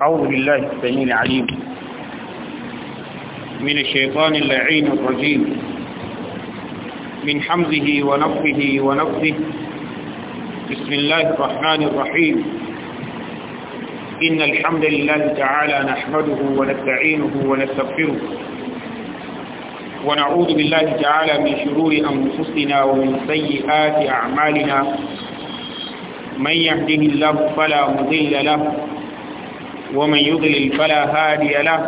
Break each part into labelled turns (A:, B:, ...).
A: أعوذ بالله السميع العليم من الشيطان اللعين الرجيم من حمزه ونفه ونفه بسم الله الرحمن الرحيم إن الحمد لله تعالى نحمده ونستعينه ونستغفره ونعوذ بالله تعالى من شرور أنفسنا ومن سيئات أعمالنا من يهده الله فلا مضل له ومن يضلل فلا هادي له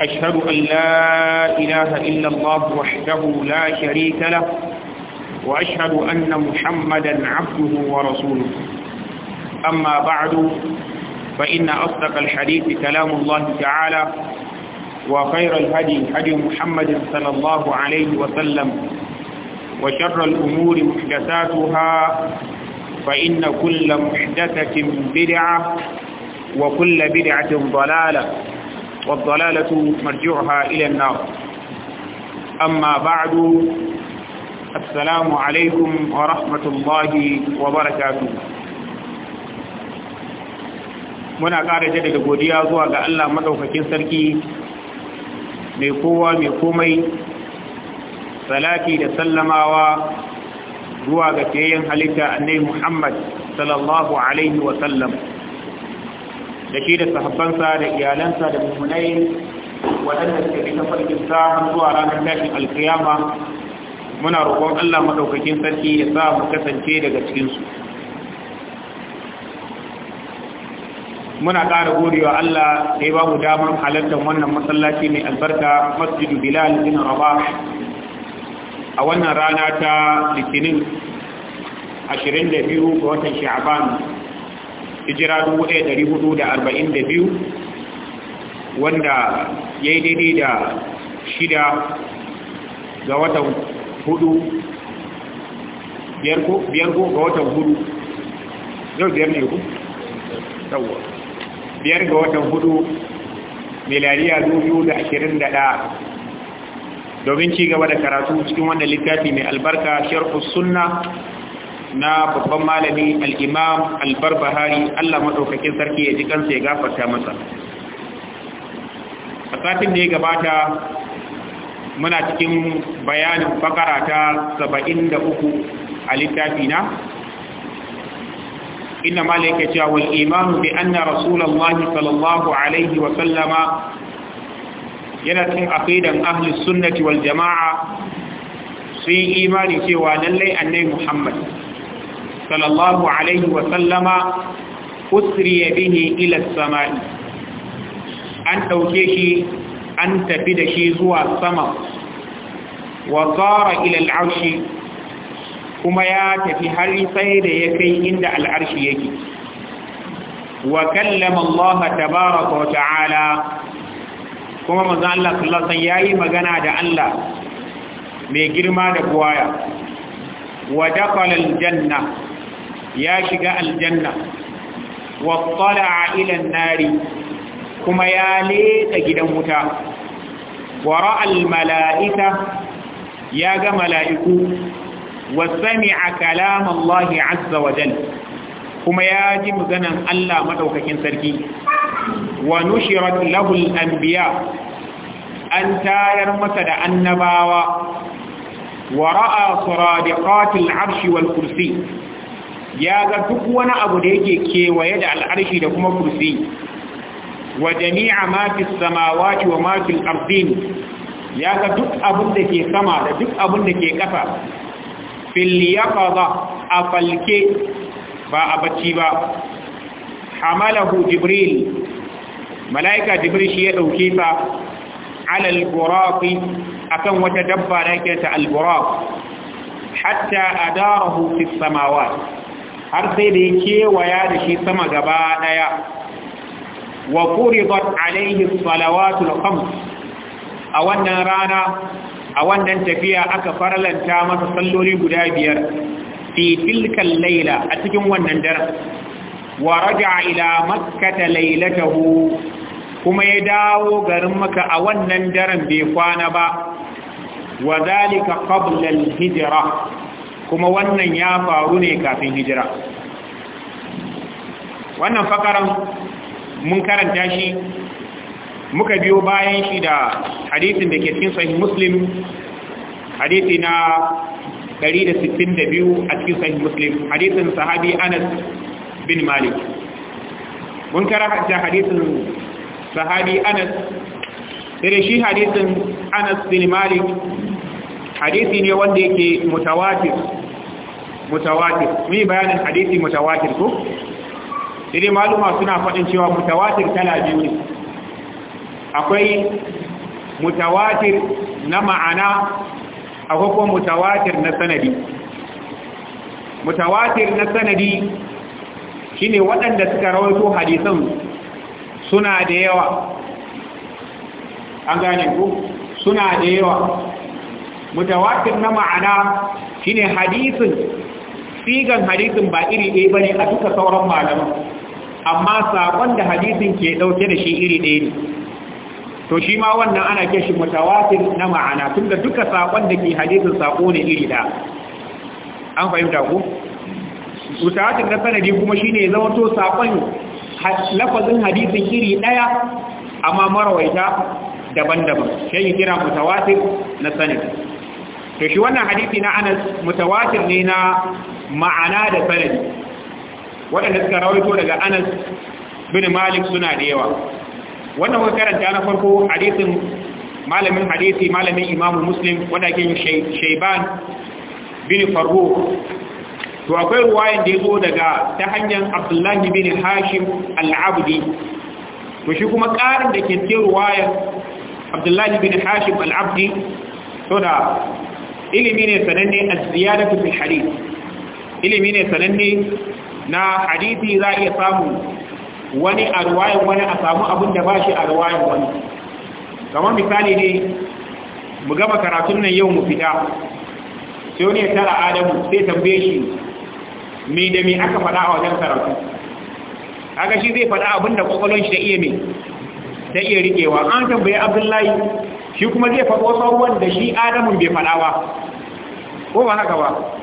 A: أشهد أن لا إله إلا الله وحده لا شريك له وأشهد أن محمدا عبده ورسوله أما بعد فإن أصدق الحديث كلام الله تعالى وخير الهدي هدي محمد صلى الله عليه وسلم وشر الأمور محدثاتها فإن كل محدثة بدعة وكل بدعة ضلالة والضلالة مرجعها إلى النار أما بعد السلام عليكم ورحمة الله وبركاته muna ƙara jaddada godiya zuwa ga Allah maɗaukakin sarki mai kowa mai komai salati da sallamawa zuwa ga tayyan halitta annabi Muhammad sallallahu alaihi wa sallam da shi da sahabbansa da iyalansa da mummunai waɗanda suka bi tafarkin sa har zuwa ranar tashin alkiyama muna roƙon Allah maɗaukakin sarki ya sa mu kasance daga cikin su muna ƙara godewa Allah da ya ba mu damar halartar wannan masallaci mai albarka masjidu bilal bin rabah a wannan rana ta litinin 22 ga watan sha'aban hijira 1442 wanda ya yi daidai da shida ga watan hudu biyar ko ga watan hudu zai biyar ne ku? yawon biyar ga watan hudu milariya 2021 domin ci gaba da karatu cikin wanda littafi mai albarka sharfus sunna na babban malami al-imam Allah madaukakin sarki ya ji kansa ya gafarta masa a satin da ya gabata muna cikin bayanin bakara ta 73 a littafi na inna malaika cewa wal imanu bi anna rasulullahi sallallahu alaihi wa sallama yana cikin aqidan ahli sunnati wal jamaa sun imani cewa lallai annabi Muhammad صلى الله عليه وسلم أسري به إلى السماء أن توكيشي أن تفيد شيء زوى السماء وصار إلى العرش كما ياتي هل سيد يكي عند العرش يكي وكلم الله تبارك وتعالى كما مزان الله صلى الله عليه وسلم يأي مغانا دا الله mai girma da buwaya wa dakhalal janna ya shiga aljanna wattala'a ilan nari kuma ya leta gidan wuta wa ra'al mala'ika ya ga mala'iku wa sami'a kalam Allah azza wa kuma ya ji maganan Allah maɗaukakin sarki wa nushirat lahu al-anbiya an tayar masa da annabawa wa ra'a suradiqatil arshi wal kursi ya ga duk wani abu da yake kewaye da al'arshi da kuma kursi wa jami'a ma samawa samawati wa ma fi ardin ya ga duk abin da ke sama da duk abin da ke ƙasa fil a falke ba a bacci ba hamalahu jibril malaika jibril shi ya dauke sa ala akan wata dabba da ke ta al Hatta hatta adarahu fi samawa. har sai da ya kewaya da shi sama gaba ɗaya wa furidat alaihi salawatul khams a wannan rana a wannan tafiya aka faralanta masa salloli guda biyar fi tilkal laila a cikin wannan daren wa raja'a ila makkata lailatahu kuma ya dawo garin maka a wannan daren bai kwana ba wa zalika qabla al-hijra kuma wannan ya faru ne kafin hijira wannan fakaran mun karanta shi muka biyo bayan shi da hadisin da ke cikin sahih muslim hadisi na 162 a cikin sahih muslim hadisin sahabi anas bin malik mun karanta hadisin sahabi anas sai shi hadisin anas bin malik hadisi ne wanda yake mutawatir mutawatir mun yi bayanin hadisi mutawatir ko idan maluma suna fadin cewa mutawatir kala biyu ne akwai mutawatir na ma'ana akwai kuma mutawatir na sanadi mutawatir na sanadi shine waɗanda suka rawaito hadisan suna da yawa an gane ku suna da yawa mutawatir na ma'ana shine hadisin sigan hadisin ba iri ɗaya bane a duka sauran malaman amma sakon da hadisin ke dauke da shi iri ɗaya ne to shi ma wannan ana ke shi mutawatir na ma'ana tunda duka sakon da ke hadisin sako ne iri ɗaya an fahimta ku mutawatir na sanadi kuma shine ya zama to sakon lafazin hadisin iri ɗaya amma marawaita daban-daban shi kira mutawatir na sanadi to shi wannan hadisi na Anas mutawatir ne na ma'ana da sanadi waɗanda suka rawaito daga anas bin malik suna da yawa wannan kuka karanta na farko hadisin malamin hadisi malamin imamu muslim wanda ke shaiban bin farro to akwai ruwayan da ya zo daga ta hanyar abdullahi bin hashim al'abdi to shi kuma ƙarin da ke cikin ruwayan abdullahi bin hashim al'abdi to da ilimi ne sananne a ziyadatu fil hadith ilimi ne sananne na hadisi za a iya samu wani a ruwayan wani a samu abin da ba shi a ruwayan wani kamar misali ne mu gama karatun nan yau mu fita sai wani ya tara adamu sai tambaye shi me da me aka faɗa a wajen karatu haka shi zai faɗa abin da kwakwalon shi da iya mai da iya riƙewa an tambaye abdullahi shi kuma zai faɗo sauran da shi adamun bai fada ba ko ba haka ba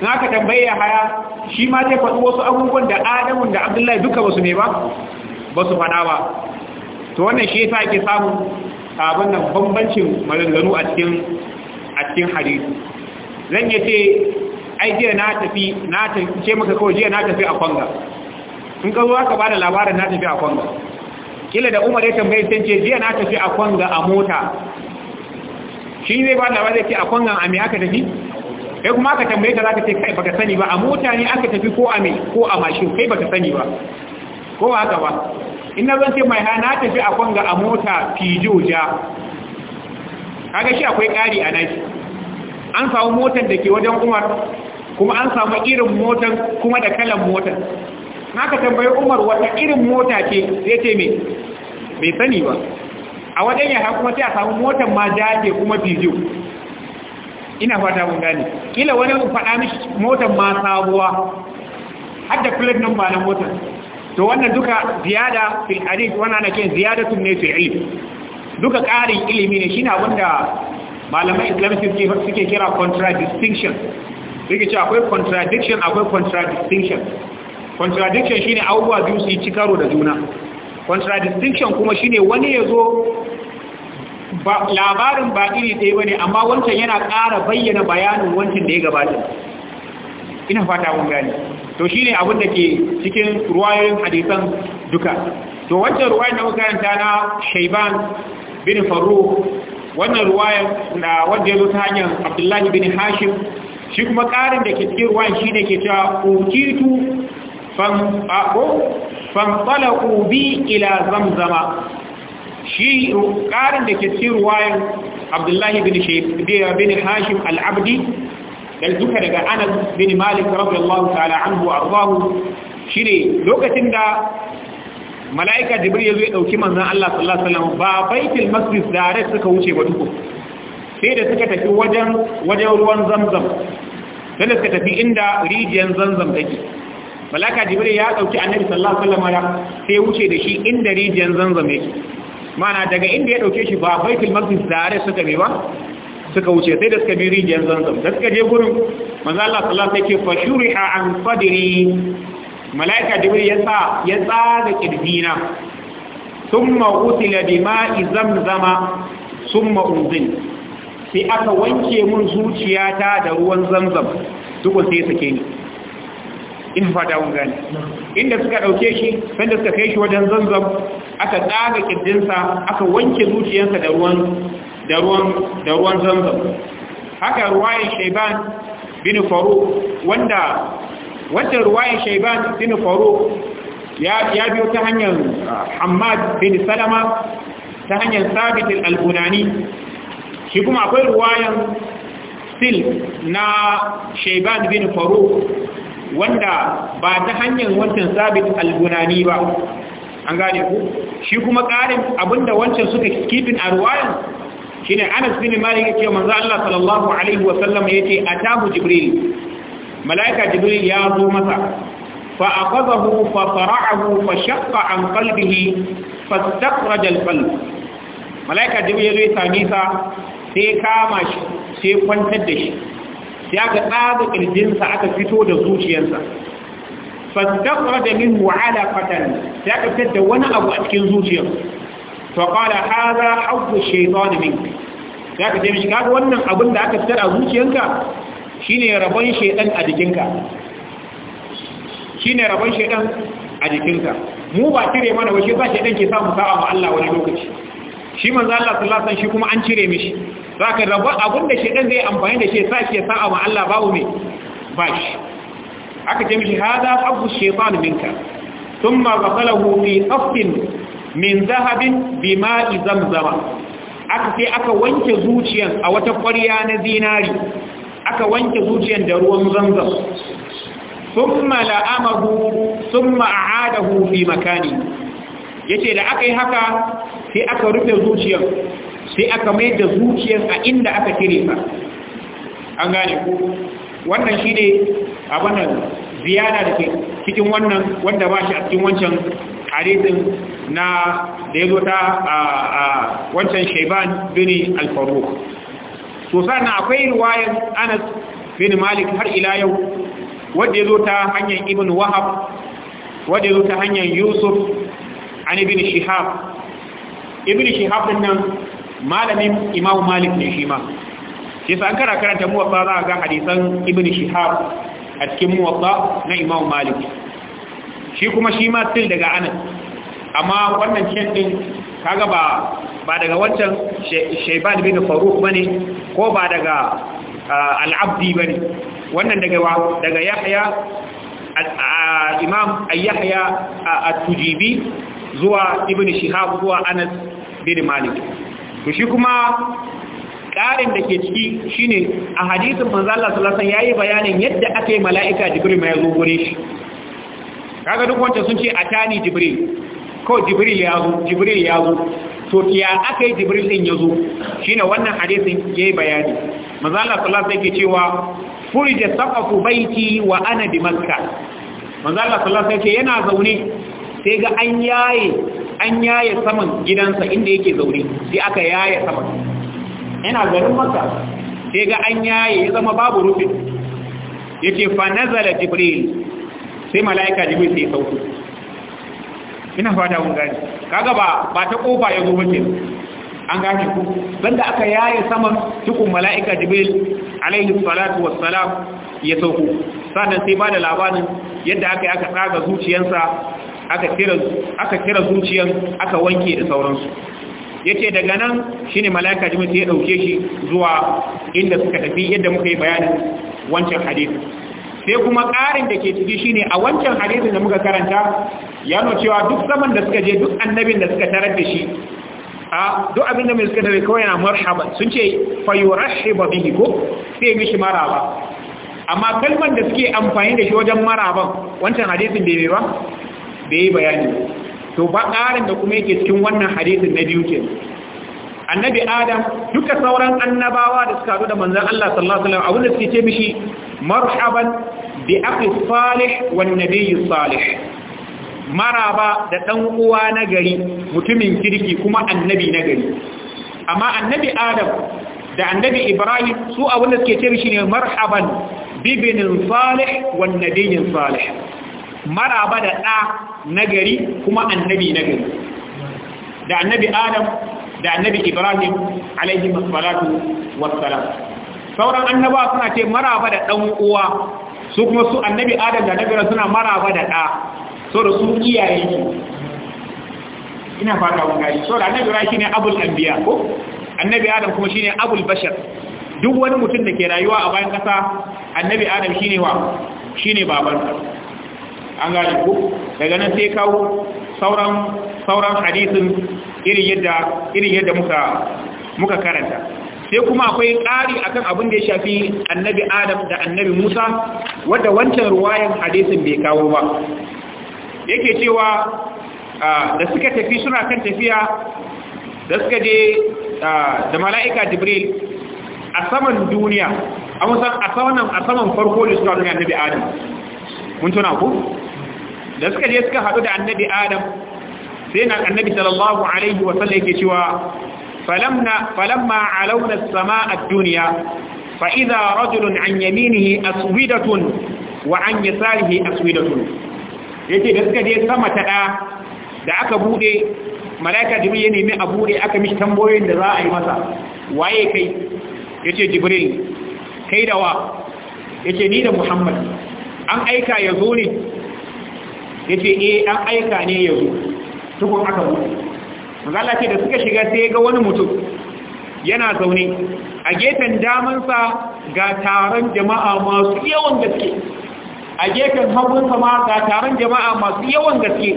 A: in aka tambaye ya haya shi ma zai faɗi wasu abubuwan da adamun da abdullahi duka ba su ne ba ba su faɗa ba to wannan shi yasa ake samun abin nan bambancin maganganu a cikin a cikin hadisi zan yi ce ai jiya na tafi na tafi ce maka kawai jiya na tafi a kwanga in ka zuwa ka ba da labarin na tafi a kwanga kila da umar ya tambaye sun ce jiya na tafi a kwanga a mota shi zai ba da labarin ce a kwangan a me aka tafi kai kuma aka tambaye ka zaka ce kai baka sani ba a mota ne aka tafi ko a me ko a mashin kai baka sani ba ko ba haka ba ina zan ce mai hana tafi a kwanga a mota fijo ja kaga shi akwai ƙari a nashi an samu motar da ke wajen umar kuma an samu irin motar kuma da kalan motar haka tambayi umar wata irin mota ce zai ce me bai sani ba a wajen yara kuma sai a samu motar ma ja kuma fijo ina fata mun gane kila wani faɗa mishi motar ma sabuwa har da plate number na motar to wannan duka ziyada fil hadith wannan ana ziyadatu ne fi ilm duka ƙarin ilimi ne shine abinda malamai islamic suke kira contradiction suke cewa akwai contradiction akwai contradiction contradiction shine abubuwa biyu su yi cikaro da juna contradiction kuma shine wani ya zo labarin ba iri ɗaya ba ne amma wancan yana ƙara bayyana bayanin wancan da ya gabata ina fata mun gani. to shi ne abin da ke cikin ruwayoyin hadisan duka to wancan ruwayar da makaranta na shaiban bin faru wannan ruwayar na wanda ya zo ta hanyar abdullahi bin hashim shi kuma ƙarin da ke cikin ruwan shi ne ke cewa ukitu fanfalaku bi ila zamzama shi ƙarin da ke cikin ruwayan abdullahi bin shaifiya bin hashim al'abdi da duka daga anas bin malik radiyallahu ta'ala anhu arzahu ne. lokacin da mala'ika jibir ya zo ya dauki manzon Allah sallallahu alaihi wasallam ba baitul masjid dare suka wuce ba duku sai da suka tafi wajen ruwan zamzam sai da suka tafi inda rijiyar zamzam take mala'ika jibril ya dauki annabi sallallahu alaihi wasallam sai wuce da shi inda rijiyar zamzam yake mana daga inda ya dauke shi ba baitul maqdis tare suka bi ba suka wuce sai da suka bi rijiyar zanzam da suka je gurin manzo Allah sallallahu alaihi wasallam yake fashuriha an sadri malaika jibril ya sa ya tsaga kirdina thumma utila bima'i zamzama thumma unzil sai aka wanke mun zuciyata da ruwan zamzam duk sai sake ni ina fata mun gani inda suka dauke shi sanda suka kai shi wajen zanzam aka tsaga kiddinsa aka wanke zuciyarsa da ruwan da ruwan da ruwan zanzam haka ruwayin shayban bin faru wanda wanda ruwayin shayban bin faru ya ya biyo ta hanyar ah, hammad bin salama ta hanyar sabit al-bunani shi kuma akwai ruwayan sil na shayban bin faru wanda ba ta hanyar wancan sabit al ba an gane ku shi kuma ƙarin abinda wancan suka kifin a ruwayan shine Anas bin Malik ce manzo Allah sallallahu alaihi wa sallam ce, atahu Jibril malaika Jibril ya zo masa fa aqadahu fa sara'ahu fa shaqqa an qalbihi fastakhraj al-qalb malaika Jibril ya zo ya same sa sai kama shi sai kwantar da shi sai aka tsada ƙirjinsa aka fito da zuciyarsa fastakra da min wa'ala fatan sai ka fitar da wani abu a cikin zuciyar to qala hadha hawfu shaytan min sai aka ce mishi kaga wannan abin da aka fitar a zuciyarka shine rabon shaytan a jikinka shine rabon shaytan a jikinka mu ba tire mana wace ba shaytan ke samu sa'a ma Allah wani lokaci shi manzo Allah sallallahu alaihi wasallam shi kuma an cire mishi zaka rabu abinda dan zai amfani da shi sai ya sa'a ma Allah babu me bashi aka ce mishi hada abu shaytan minka thumma ghafalahu fi min dhahabin bima'i zamzama aka ce aka wanke zuciyan a wata ƙwarya na zinari aka wanke zuciyan da ruwan zamzam thumma la'amahu thumma a'adahu fi makani yace da aka yi haka sai aka rufe zuciyar sai aka mai da zuciyar a inda aka kire ta an gane ku wannan shi ne wannan ziyara da cikin wannan wanda ba shi a cikin wancan hadisin na da ya ta a wancan shaiban bin alfaru so na akwai ruwayan anas bin malik har ila yau wadda ya zo ta hanyar ibn wahab wadda ya zo ta hanyar yusuf ani ibn shihab ibn shihab din nan malamin imam malik ne shi ma shi sa an kara karanta muwatta za ga hadisan ibn shihab a cikin muwatta na imam malik shi kuma shi ma til daga anas amma wannan cin din kaga ba ba daga wancan shayban bin faruq bane ko ba daga uh, al-abdi bane wannan daga daga yahya uh, imam ayyahya uh, at-tujibi zuwa ibn shihab zuwa anas tafsirin malik to shi kuma ƙarin da ke ciki shine a hadisin manzo Allah sallallahu alaihi wasallam yayi bayanin yadda aka yi mala'ika jibril mai zo gure shi kaga duk wanda sun ce atani jibril ko jibril ya zo jibril ya zo to ya aka yi jibril din ya zo shine wannan hadisin yayi bayani manzo Allah sallallahu alaihi wasallam yake cewa furija saqafu baiti wa ana bi makka manzo Allah sallallahu alaihi wasallam yana zaune sai ga an yaye an yaye saman gidansa inda yake zaune sai aka yaya saman yana garin masa sai ga an yaye ya zama babu rufin ya ce fa nazala jibril sai mala'ika jibril sai sauko ina fata mun gani kaga ba ba ta kofa ya zo bace an gani ku banda aka yaya saman tukun mala'ika jibril alaihi salatu wassalam ya sauko sannan sai ba da labarin yadda aka yi aka tsaga zuciyarsa aka kira zuciyar aka wanke da sauransu ya ce daga nan shi ne mala'ika jimus ya ɗauke shi zuwa inda suka tafi yadda muka yi bayanin wancan hadisi sai kuma ƙarin da ke ciki shi ne a wancan hadisin da muka karanta ya no cewa duk zaman da suka je duk annabin da suka tarar da shi a duk abin da mai suka tarar kawai na marhaba sun ce fayurashiba bihi ko sai mishi maraba amma kalman da suke amfani da shi wajen maraban wancan hadisin bai ba da yi bayani to ba ƙarin da kuma yake cikin wannan hadisin na biyu ke annabi adam duka sauran annabawa da suka da manzan Allah sallallahu alaihi wasallam abinda suke ce mishi marhaban bi akhi salih wan nabiyyi salih maraba da dan uwa na gari mutumin kirki kuma annabi na gari amma annabi adam da annabi ibrahim su abinda suke ce mishi ne marhaban bibinin salih wan nabiyyin salih maraba da ɗa na gari kuma annabi na gari da annabi adam da annabi ibrahim alaihi masalatu wassalam sauran annaba suna ce maraba da ɗan uwa su kuma su annabi adam da annabi suna maraba da ɗa so da su iyaye ina fata mun gari so da annabi ra shine abul anbiya ko annabi adam kuma shine abul bashar duk wani mutum da ke rayuwa a bayan ƙasa, annabi adam shine wa shine babansa an gane ku daga nan sai kawo sauran sauran hadisin irin yadda irin yadda muka muka karanta sai kuma akwai ƙari akan abin da ya shafi annabi adam da annabi musa wadda wancan ruwayan hadisin bai kawo ba yake cewa da suka tafi suna kan tafiya da suka je da mala'ika jibril a saman duniya a saman farko da suka annabi adam mun tuna ku da suka je suka haɗu da annabi adam sai na annabi sallallahu alaihi wa sallam yake cewa falamna falamma alawna as-samaa ad-dunya fa idha rajulun an yaminihi aswidatun wa an yasarihi aswidatun yace da suka je sama ta da da aka bude malaika jibril ya nemi a bude aka mishi tambayoyin da za a yi masa waye kai yace jibril kai da wa yace ni da muhammad an aika ya zo ne yace eh an aika ne yanzu tukun aka buɗe manzo ce da suka shiga sai ga wani mutum yana zaune a gefen damansa ga taron jama'a masu yawan gaske a gefen hagunsa ma ga taron jama'a masu yawan gaske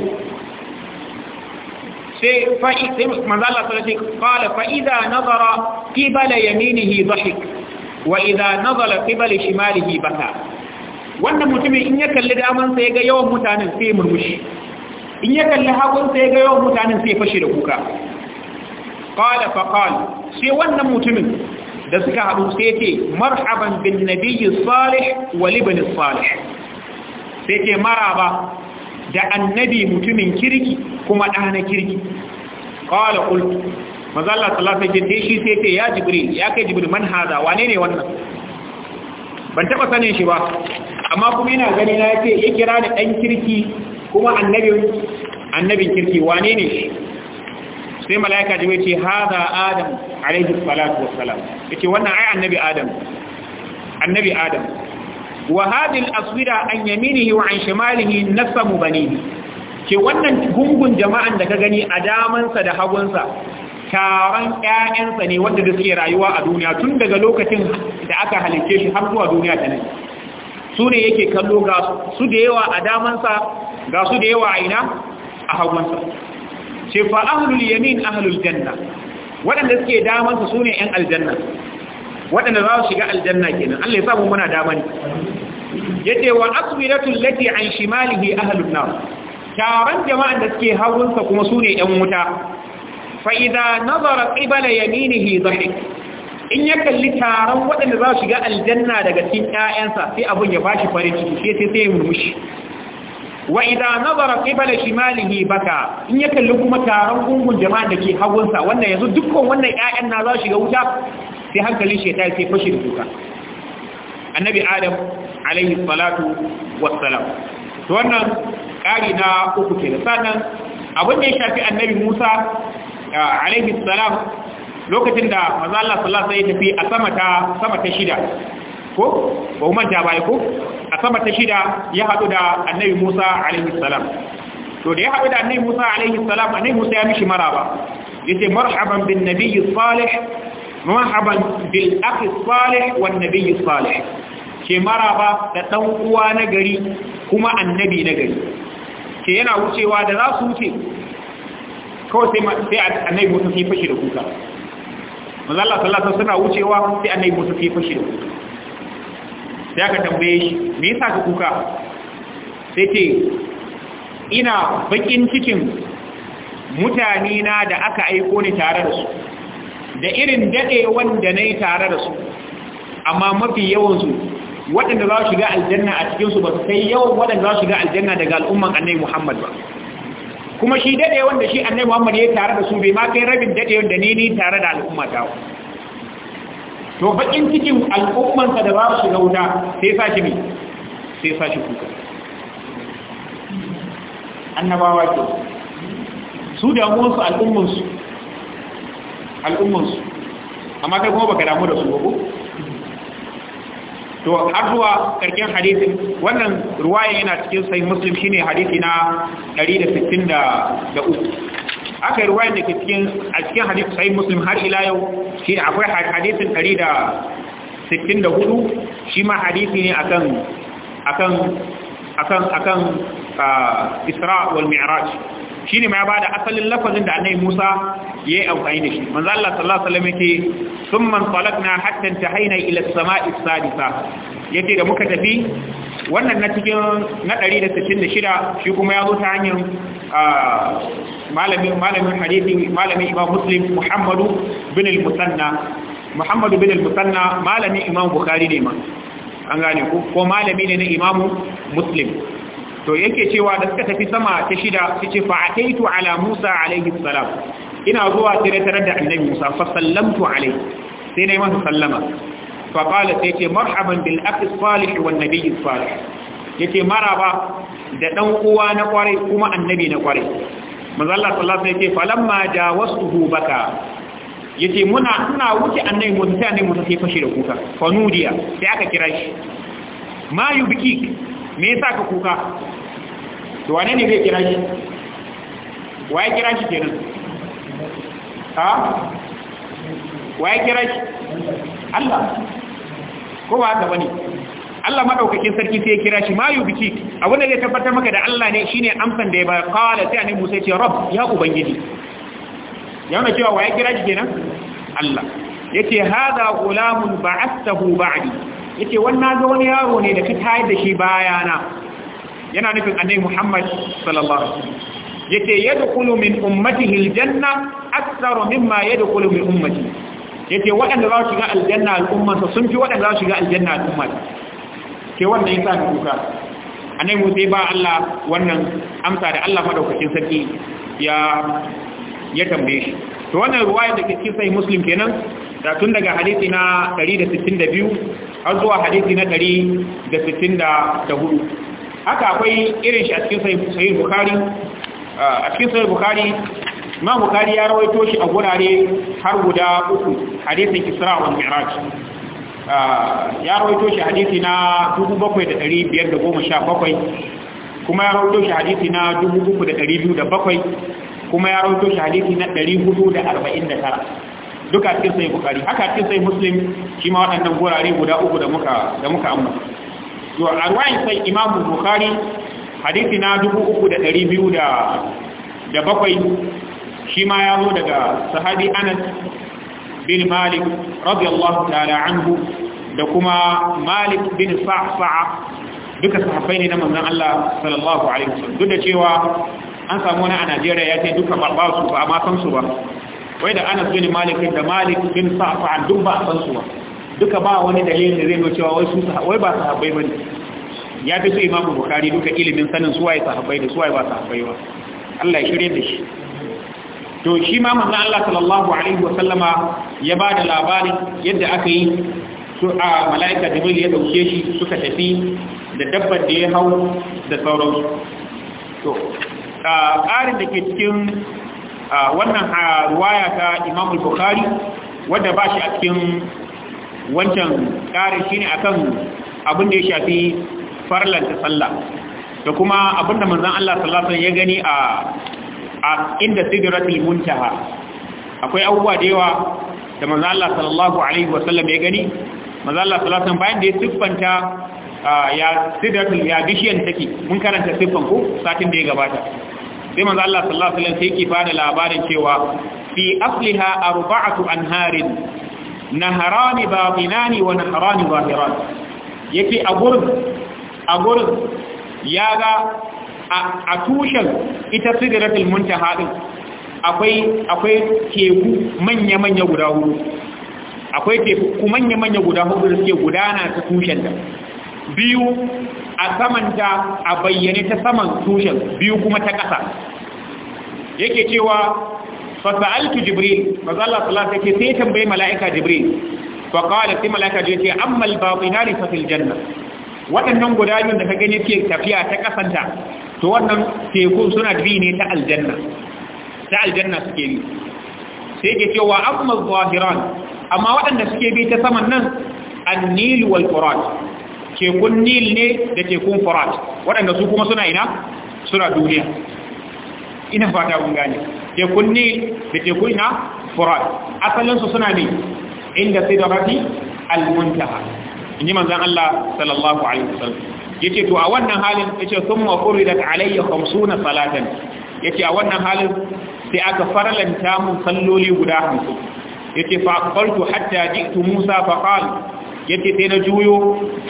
A: sai fa'i sai manzala sarari kala fa'iza nazara ƙibala yaminihi zahik wa iza nazara ƙibala shimalihi baka wannan mutumin in ya kalli daman sai ga yawan mutanen sai ya murmushi in ya kalli hagun ya ga yawan mutanen sai ya fashe da kuka qala fa qala sai wannan mutumin da suka haɗu sai yake marhaban bin nabiyyi salih wa libni salih sai yake maraba da annabi mutumin kirki kuma na kirki qala qultu manzo Allah sallallahu alaihi wasallam sai ce ya jibril ya kai jibril man hada wane ne wannan ban taba sanin shi ba amma kuma ina gani na yace ya kira ni dan kirki kuma annabi annabin kirki wane ne sai malaika jibril ce hada adam alaihi salatu wassalam yace wannan ai annabi adam annabi adam wa hadhihi al-aswira an yaminihi wa an shimalihi nasamu banihi ke wannan gungun jama'an da ka gani a damansa da hagunsa taron ƴaƴansa ne wanda da suke rayuwa a duniya tun daga lokacin aka halice shi har zuwa duniya ta nan su ne yake kallo ga su da yawa a damansa ga su da yawa a ina a hagunsa ce fa ahlul yamin ahlul janna waɗanda suke damansa su ne 'yan aljanna waɗanda za su shiga aljanna kenan Allah ya samu muna dama ne yace wa aswiratul lati an shimalihi ahlun nar taron jama'an da suke hagunsa kuma su ne 'yan wuta fa idza nazara qibala yaminihi dhahik in ya kalli taron waɗanda za su shiga aljanna daga cikin ƴaƴansa sai abun ya bashi farin ciki sai sai sai murmushi wa idza nazara qibala shimalihi baka in ya kalli kuma taron gungun jama'a da ke hagunsa wannan yanzu dukkan wannan ƴaƴan na za su shiga wuta sai hankalin shaytan sai fashe duka annabi adam alaihi salatu wassalam to wannan kari na uku kenan sannan abin da ya shafi annabi Musa alaihi salam lokacin da maza Allah sallallahu alaihi tafi a sama ta sama ta shida ko ba mu manta bai ko a sama ta shida ya hadu da annabi Musa alaihi salam to da ya hadu da annabi Musa alaihi salam annabi Musa ya mishi maraba yace marhaban bin nabiyyi salih marhaban bil akhi salih wan nabiyyi salih ke maraba da dan uwa na gari kuma annabi na gari ke yana wucewa da za su wuce kawai sai annabi Musa sai fashe da kuka manzo Allah suna wucewa sai annabi Musa sai fushi da sai aka tambaye shi me yasa ka kuka sai ce ina bakin cikin mutane na da aka aiko ni tare da su da irin dade wanda nayi tare da su amma mafi yawan su waɗanda za su shiga aljanna a cikin su ba sai yawan waɗanda za su shiga aljanna daga al'umman annabi Muhammad ba kuma shi dade wanda shi annabi Muhammad ya tare da su bai ma kai rabin dade wanda ni ni tare da al'umma ta to bakin cikin al'umman da ba su shiga wuta sai sa shi ne sai sa shi kuka annabawa ke su da mu su al'umman su al'umman su amma kai kuma baka damu da su ba ko to addu'a karken hadisin wannan ruwaya yana cikin sahih muslim shine hadisi na 163 aka yi ruwayan da ke cikin a cikin hadisi sahih muslim har ila yau shi akwai hadisin 164 shi ma hadisi ne akan akan akan akan ah, isra wal mi'raj ne ma ya bada asalin lafazin da annabi Musa Ya yayi amfani da shi manzo Allah sallallahu alaihi wasallam yake thumma talaqna hatta intahaina ila as-sama'i as-sadisa Yake da muka tafi wannan na cikin na 166 shi kuma ya zo ta hanyar malamin malamin hadisi malamin Imam Muslim Muhammadu bin al-Musanna Muhammadu bin al-Musanna malamin Imam Bukhari ne ma an gane ko ko malami ne na Imam Muslim to yake cewa da suka tafi sama ta shida su ce fa'ataitu ala musa alaihi salam ina zuwa sai na da annabi musa fa sallamtu alaihi sai na yi masa sallama fa qala sai ce marhaban bil akhi salih wan nabiy salih yace maraba da dan uwa na kwarai kuma annabi na kwarai manzo Allah sallallahu alaihi wasallam yace falamma jawastuhu baka yace muna ina wuce annabi musa sai musa sai fashi da kuka Fanudiya, nudiya sai aka kira shi ma yubiki me yasa ka kuka to wane ne zai kira shi waye kira shi kenan ha waye kira shi Allah ko ba haka bane Allah madaukakin sarki sai ya kira shi ma yubiki abinda zai tabbatar maka da Allah ne shine amfan da ya ba qala sai annabi Musa ya ce rabb ya ubangiji yana cewa waye kira shi kenan Allah Ya yace hada gulamun ba'athahu Ya ce wannan ga wani yaro ne da ka tayar da shi bayana yana nufin annabi Muhammad sallallahu alaihi ce yace yadkhulu min ummatihi aljanna aktharu mimma yadkhulu min ummati ce waɗanda za su shiga aljanna al'ummansa sun fi waɗanda za su shiga aljanna al'umma ke wannan yasa ni kuka mu sai ba Allah wannan amsa da Allah madaukakin sarki ya ya tambaye shi to wannan ruwaya da ke cikin sai muslim kenan da tun daga hadisi na 162 har zuwa hadisi na 164 haka akwai irin shi a cikin sahih bukhari a cikin sahih bukhari ma bukhari ya rawaito shi a gurare har guda uku hadisin isra wal mi'raj ya rawaito shi hadisi na 7517 kuma ya rawaito shi hadisi na 3207 kuma ya rawaito shi hadisi na 449 duka cikin sahih bukhari haka cikin sahih muslim shi ma waɗannan gurare guda uku da muka da muka amma to a ruwayin sai imamu bukhari hadisi na bakwai shi ma ya zo daga sahabi anas bin malik radiyallahu ta'ala anhu da kuma malik bin sa'sa'a duka sahabbai ne na manzan Allah sallallahu alaihi wasallam duk da cewa an samu wani a Najeriya ya ce duka ba su ba ma san su ba wai da Anas bin Malik da Malik bin Sa'fa duk ba san su ba duka ba wani dalilin da zai zo cewa wai su wai ba sahabbai bane ya fi su imamu bukari duka ilimin sanin suwaye sahabbai da suwaye ba su sahabbai ba Allah ya shirye da shi to shi ma manzo Allah sallallahu alaihi wasallama ya ba da labarin yadda aka yi su a malaika jibril ya dauke shi suka tafi da dabbar da ya hau da sauransu to a ƙarin da ke cikin wannan ruwaya ta imamu bukari wadda ba shi a cikin wancan ƙarin shine akan abin da ya shafi farlanta sallah da kuma abin da manzon Allah sallallahu ya gani a a inda sidratul muntaha akwai abubuwa da yawa da manzon Allah sallallahu alaihi wasallam ya gani manzon Allah sallallahu alaihi bayan da ya siffanta ya sidratul ya bishiyan take mun karanta siffan ku satin da ya gabata sai manzon Allah sallallahu alaihi wasallam sai yake bada labarin cewa fi afliha arba'atu anharin naharani batinani wa naharani zahiran yace a gurin a gurin ya ga a tushen ita sidratul muntaha din akwai akwai teku manya manya guda huɗu. akwai teku manya manya guda huɗu da suke gudana ta tushen ta biyu a samanta a bayyane ta saman tushen biyu kuma ta ƙasa yake cewa fasa'altu jibril maza Allah sallallahu alaihi wasallam sai tambaye mala'ika jibril fa qala sai mala'ika jibril sai amma al-batinani fa fil janna waɗannan guda biyun da ka gani ke tafiya ta kasanta to wannan teku suna tafi ne ta aljanna ta aljanna suke bi sai ke cewa amma zahiran amma waɗanda suke bi ta saman nan annil wal furat tekun nil ne da tekun furat waɗanda su kuma suna ina suna duniya ina fata kun gane tekun nil da tekun na furat asalinsu suna ne inda sai da rafi almuntaha in ji manzan Allah sallallahu alaihi wasallam yace to a wannan halin yace thumma furidat alayya 50 salatan yace a wannan halin sai aka faralanta mun salloli guda 50 yace fa qaltu hatta ji'tu Musa fa qala yake sai na juyo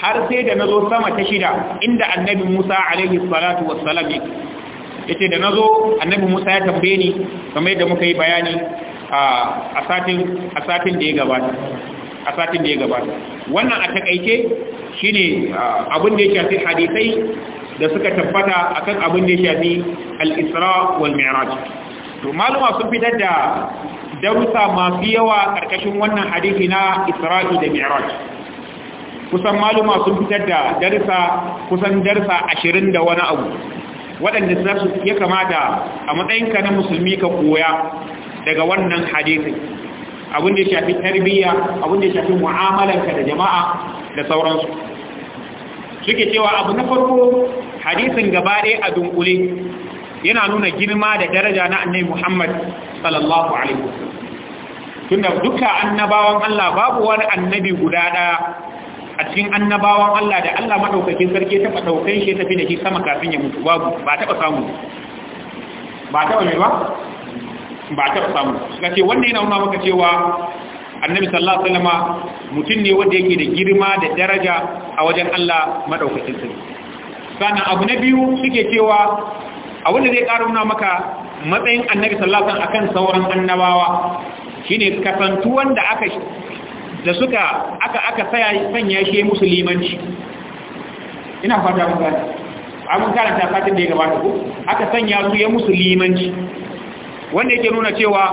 A: har sai da nazo sama ta shida inda annabi Musa alaihi salatu wassalam yake yace da nazo annabi Musa ya tambaye ni kamar yadda muka yi bayani a satin a satin da ya gabata a satin da ya gabata wannan a takaice shine abin da ya shafi hadisai da suka tabbata akan abin da ya shafi al-Isra wal Mi'raj to maluma sun fitar da darussa masu yawa karkashin wannan hadisi na Isra'i da Mi'raj kusan maluma sun fitar da darussa kusan darussa 20 da wani abu waɗanda za su ya kamata a matsayinka na musulmi ka koya daga wannan hadisi abin da shafi tarbiyya abin da shafi mu'amalanka da jama'a da sauransu suke cewa abu na farko hadisin gaba ɗaya a dunkule yana nuna girma da daraja na annabi Muhammad sallallahu alaihi tunda duka annabawan Allah babu wani annabi guda ɗaya a cikin annabawan Allah da Allah madaukakin sarki ta fadaukan shi tafi da shi sama kafin ya mutu babu ba taɓa samu ba taɓa mai ba ba taɓa samu kace wannan yana nuna maka cewa annabi sallallahu alaihi wasallam mutum ne wanda yake da girma da daraja a wajen Allah madaukakin sarki sannan abu na biyu suke cewa a wanda zai ƙara nuna maka matsayin annabi sallallahu alaihi wasallam akan sauran annabawa shine kasantuwan da aka da suka aka aka sanya shi musulmanci ina fata mun gane abun karanta fatin da ya gabata ko aka sanya su ya musulmanci wanda yake nuna cewa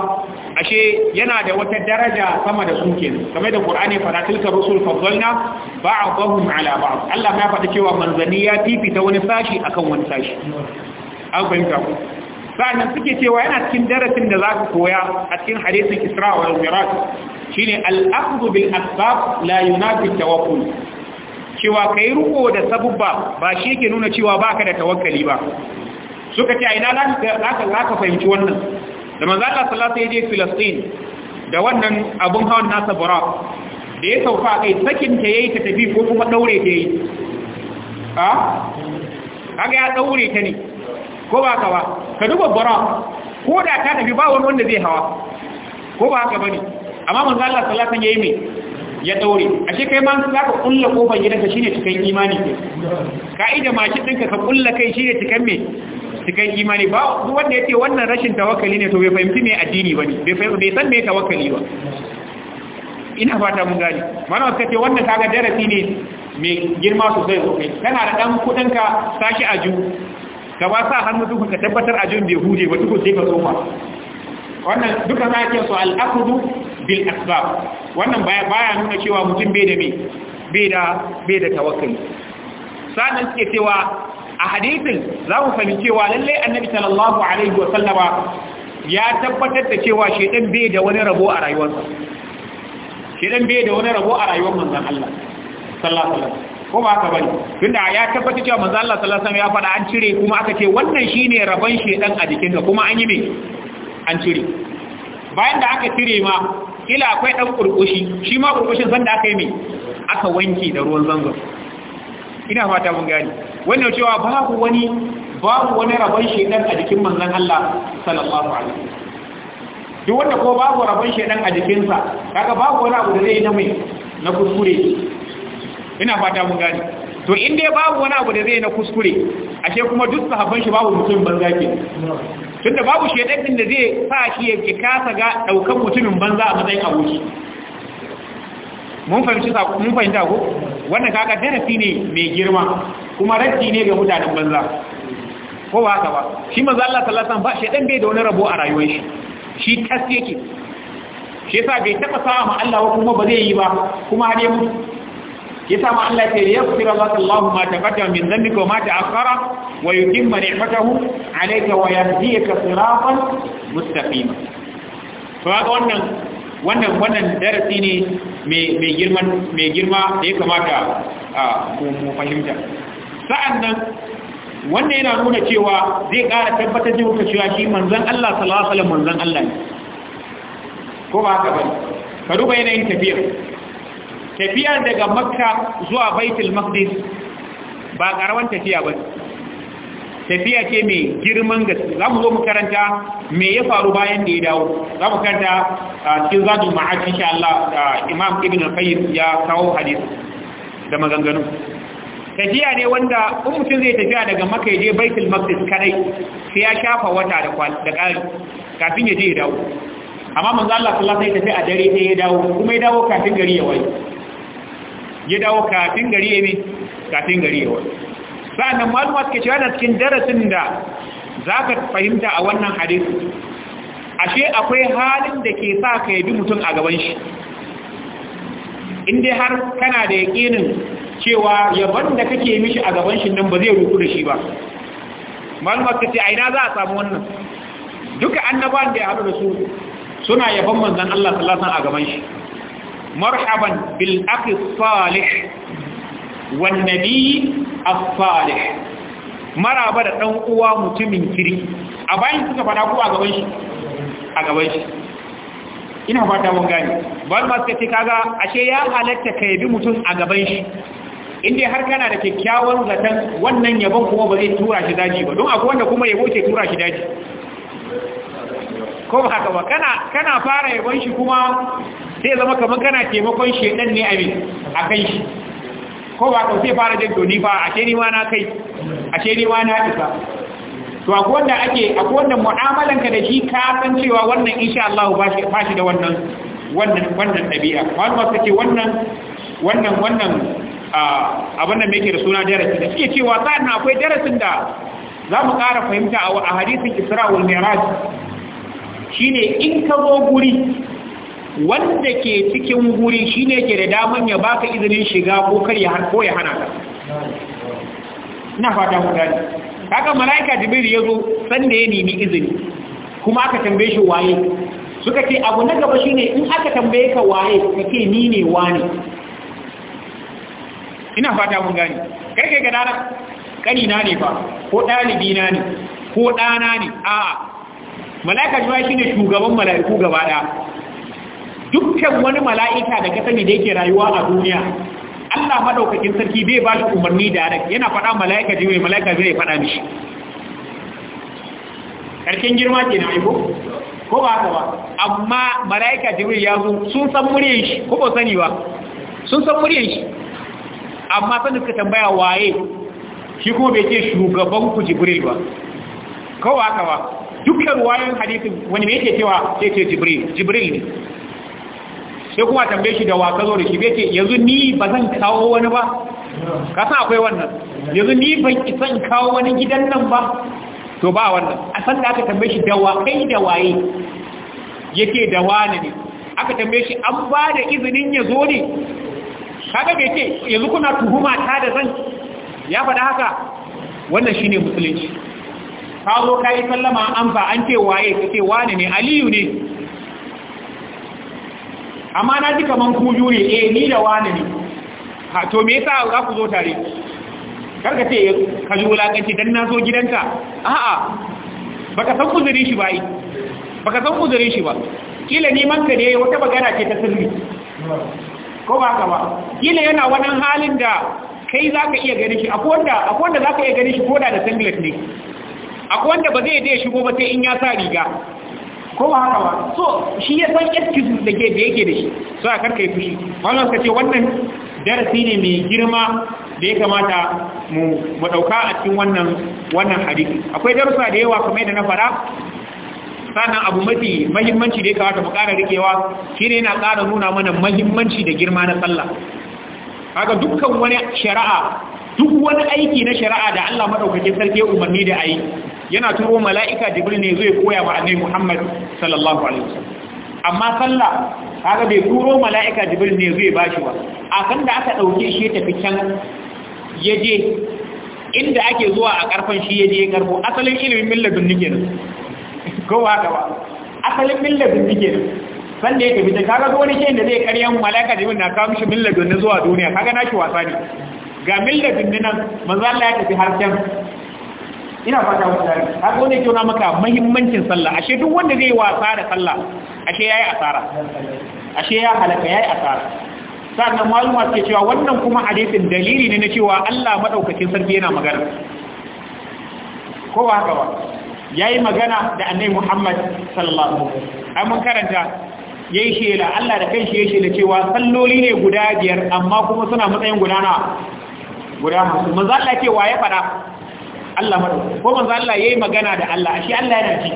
A: ashe yana da wata daraja sama da su kenan kamar da Qur'ani fara tilka rusul faddalna ba'dhum ala ba'd Allah ya faɗa cewa manzani ya fifita wani sashi akan wani sashi an fahimta ku sannan suke cewa yana cikin darasin da zaka koya a cikin hadisin Isra wal Mi'raj shine al-akhdhu bil asbab la yunafi tawakkul cewa kai ruko da sabubba ba shi ke nuna cewa baka da tawakkali ba suka ce a ina za ka fahimci wannan da manzo Allah sallallahu alaihi wasallam da wannan abun hawan nasa bara da ya sauka kai sakin ta yayi ta tafi ko kuma daure ta yayi a kaga ya daure ta ne ko ba ka ba ka duba bara ko da ta tafi ba wani wanda zai hawa ko ba haka bane amma manzo Allah sallallahu alaihi wasallam yayi ya daure ashe kai ma za ka kulla kofar gidanka shine cikin imani ke kaida ma shi dinka ka kulla kai shine cikin me cikin imani ba duk wanda yace wannan rashin tawakkali ne to bai fahimci me addini bane bai bai san me tawakkali ba ina fata mun gani mana kace wannan kaga darasi ne mai girma sosai sosai kana da dan kudinka sashi aju ka ba sa hannu duk ka tabbatar ajin bai huje ba duk sai ka tsoma wannan duka za a ce su al'akudu bil asbab wannan baya nuna cewa mutum bai da mai bai da tawakkali sannan suke cewa a hadisin za mu fahimci cewa lallai annabi sallallahu alaihi wa sallama ya tabbatar da cewa shedan bai da wani rabo a rayuwarsa shedan bai da wani rabo a rayuwar manzon Allah sallallahu alaihi wasallam tunda ya tabbata cewa manzon Allah sallallahu alaihi wasallam ya faɗa an cire kuma aka ce wannan shine rabon shedan a jikinka kuma an yi me an cire bayan da aka cire ma kila akwai ɗan ƙurƙushi shi ma ƙurƙushin sanda aka yi mai aka wanki da ruwan zangon ina fata mun gani wannan cewa babu wani babu wani rabon shedan a jikin manzon Allah sallallahu alaihi duk wanda ko babu rabon shedan a jikinsa kaga babu wani abu da zai na mai na kuskure ina fata mun gani to in dai babu wani abu da zai na kuskure ashe kuma duk sahabban shi babu mutum ban zaki. tunda babu shedan din da zai sa shi ya kasa ga daukan mutumin banza a matsayin aboki mun fahimci sako mun fahimta ko wannan kaga darasi ne mai girma kuma raddi ne ga mutanen banza ko ba haka ba shi manzo Allah sallallahu alaihi wasallam ba shedan bai da wani rabo a rayuwar shi shi kas yake shi yasa bai taba sa ma Allah ko kuma ba zai yi ba kuma har ya mutu yasa ma Allah ya yaghfira lak Allah ma taqaddama min dhanbika wa ma ta'akhkhara wa yutimma ni'matahu alayka wa yahdika siratan mustaqima to ga wannan wannan wannan darasi ne mai mai girman girma da ya kamata mu fahimta sa'annan wannan yana nuna cewa zai ƙara tabbatar da muka cewa shi manzon Allah alaihi Allah ko ba haka ka duba yanayin tafiyar tafiya daga makka zuwa baitul maqdis ba garawan tafiya ba tafiya ce mai girman gaske za mu zo mu karanta me ya faru bayan da ya dawo za mu karanta cikin zadu ma'ad insha Allah Imam Ibn al-Qayyim ya kawo hadisi da maganganu tafiya ne wanda in mutum zai tafiya daga makka je baitul maqdis kadai sai ya shafa wata da kwal da kari kafin ya je ya dawo amma manzo Allah sallallahu alaihi wasallam sai tafi a dare sai ya dawo kuma ya dawo kafin gari ya waye ya dawo kafin gari ya kafin gari ya wasu sa'annan suke cewa na cikin darasin da za ka fahimta a wannan hadisi ashe akwai halin da ke sa ka yabi mutum a gaban shi inda har kana da yakinin cewa yaban da kake mishi a gaban shi nan ba zai ruku da shi ba malama ta ce aina za a samu wannan duka annabawan da ya haɗu da su suna yaban manzan Allah sallallahu a gaban shi marhaban bil akhi salih wan nabi as-salih maraba da dan uwa mutumin kiri a bayan suka fada ko a gaban shi a gaban shi ina fata mun gane ban ma suka ce kaga ashe ya halatta ka yabi mutum a gaban shi inda har kana da kyakkyawan zaton wannan yabon kuma ba zai tura shi daji ba don akwai wanda kuma yabo ke tura shi daji ko ba haka ba kana kana fara yabon shi kuma sai zama kamar kana taimakon shedan ne a kan shi ko ba ka sai fara jin doni a ce ni ma na kai ce ni ma na isa to akwai wanda ake akwai wanda mu'amalan ka da shi ka san cewa wannan insha Allah ba shi ba shi da wannan wannan wannan tabi'a wani ba ce wannan wannan wannan abin da yake da suna darasi da suke cewa na akwai darasin da za mu ƙara fahimta a hadisin Isra wal Mi'raj shine in ka zo guri wanda ke cikin guri ne ke da daman ya baka izinin shiga ko ya har ko ya hana ka ina fata ku gani Kaka malaika ya zo san da ya nemi izini kuma aka tambaye shi waye suka ce abu na gaba shi ne in aka tambaye ka waye kake ni ne ina fata mun gani kai kai ga dana kani na ne fa ko dalibi na ne ko dana ne a'a malaika shi ne shugaban malaiku gaba daya dukkan wani mala'ika da ka sani da yake rayuwa a duniya Allah maɗaukakin sarki bai ba shi umarni da yarak yana faɗa mala'ika jiwe mala'ika zai faɗa mishi ƙarshen girma ke na aiko ko ba haka ba amma mala'ika jiwe ya zo sun san muryan shi ko ba sani ba sun san muryan shi amma sun suka tambaya waye shi kuma bai ce shugaban ku jibril ba ko ba haka ba dukkan wayan hadisin wani mai ke cewa ce ce jibril jibril ne sai kuma tambaye shi da wa ka zo da shi bai ce yanzu ni ba zan kawo wani ba ka san akwai wannan yanzu ni ban san kawo wani gidan nan ba to ba wannan a san da aka tambaye shi da wa kai da waye yake da wani ne aka tambaye shi an ba da izinin ya zo ne kaga bai ce yanzu kuna tuhuma ta da zan ya faɗa haka wannan shine musulunci ka zo ka yi sallama an ba an ce waye ka ce wani ne aliyu ne amma na ji kamar ku jure eh ni da wani ne ha to me yasa za ku zo tare karka ce ka ji wulakanci dan na zo gidanka a'a baka san kuzurin shi ba yi baka san kuzurin shi ba kila neman ka ne wata magana ce ta sirri ko ba ka ba kila yana wannan halin da kai za ka iya gani shi akwai wanda za ka iya gani shi koda da singlet ne akwai wanda ba zai iya shigo ba sai in ya sa riga ko ba haka ba so shi ya san excuse da ke da yake da shi so a karka yi fushi wannan suka ce wannan darasi ne mai girma da ya kamata mu madauka a cikin wannan wannan hadisi akwai darussa da yawa kamar da na fara sannan abu mafi mahimmanci da ya kamata mu kara rikewa shine yana kara nuna mana mahimmanci da girma na sallah haka dukkan wani shari'a duk wani aiki na shari'a da Allah madaukakin sarki umarni da ayi yana turo mala'ika jibril ne zai koya wa annabi Muhammad sallallahu alaihi wasallam amma sallah kaga bai turo mala'ika jibril ne zai bashi ba a kan da aka dauke shi ya tafi can yaje inda ake zuwa a karfan shi yaje ya karbo asalin ilimin milladun nike nan ko da ba asalin milladun nike nan sanda ya tafi ta kaga wani shi da zai karyan mala'ika jibril na kawo shi milladun na zuwa duniya kaga nashi wasa ne ga millatin dinan manzo Allah ya tafi har can ina fata wata dare haka wanda yake maka mahimmancin sallah ashe duk wanda zai wasa da sallah ashe ya yi asara ashe ya halaka yi asara sannan maluma suke cewa wannan kuma hadisin dalili ne na cewa Allah maɗaukacin sarki yana magana ko ba haka ba ya yi magana da annabi Muhammad sallallahu alaihi wasallam mun karanta yayi shela Allah da kan shi ya shela cewa salloli ne guda biyar amma kuma suna matsayin guda na guda masu manzo Allah ce wa ya faɗa Allah mara ko manzo Allah yayi magana da Allah shi Allah yana ji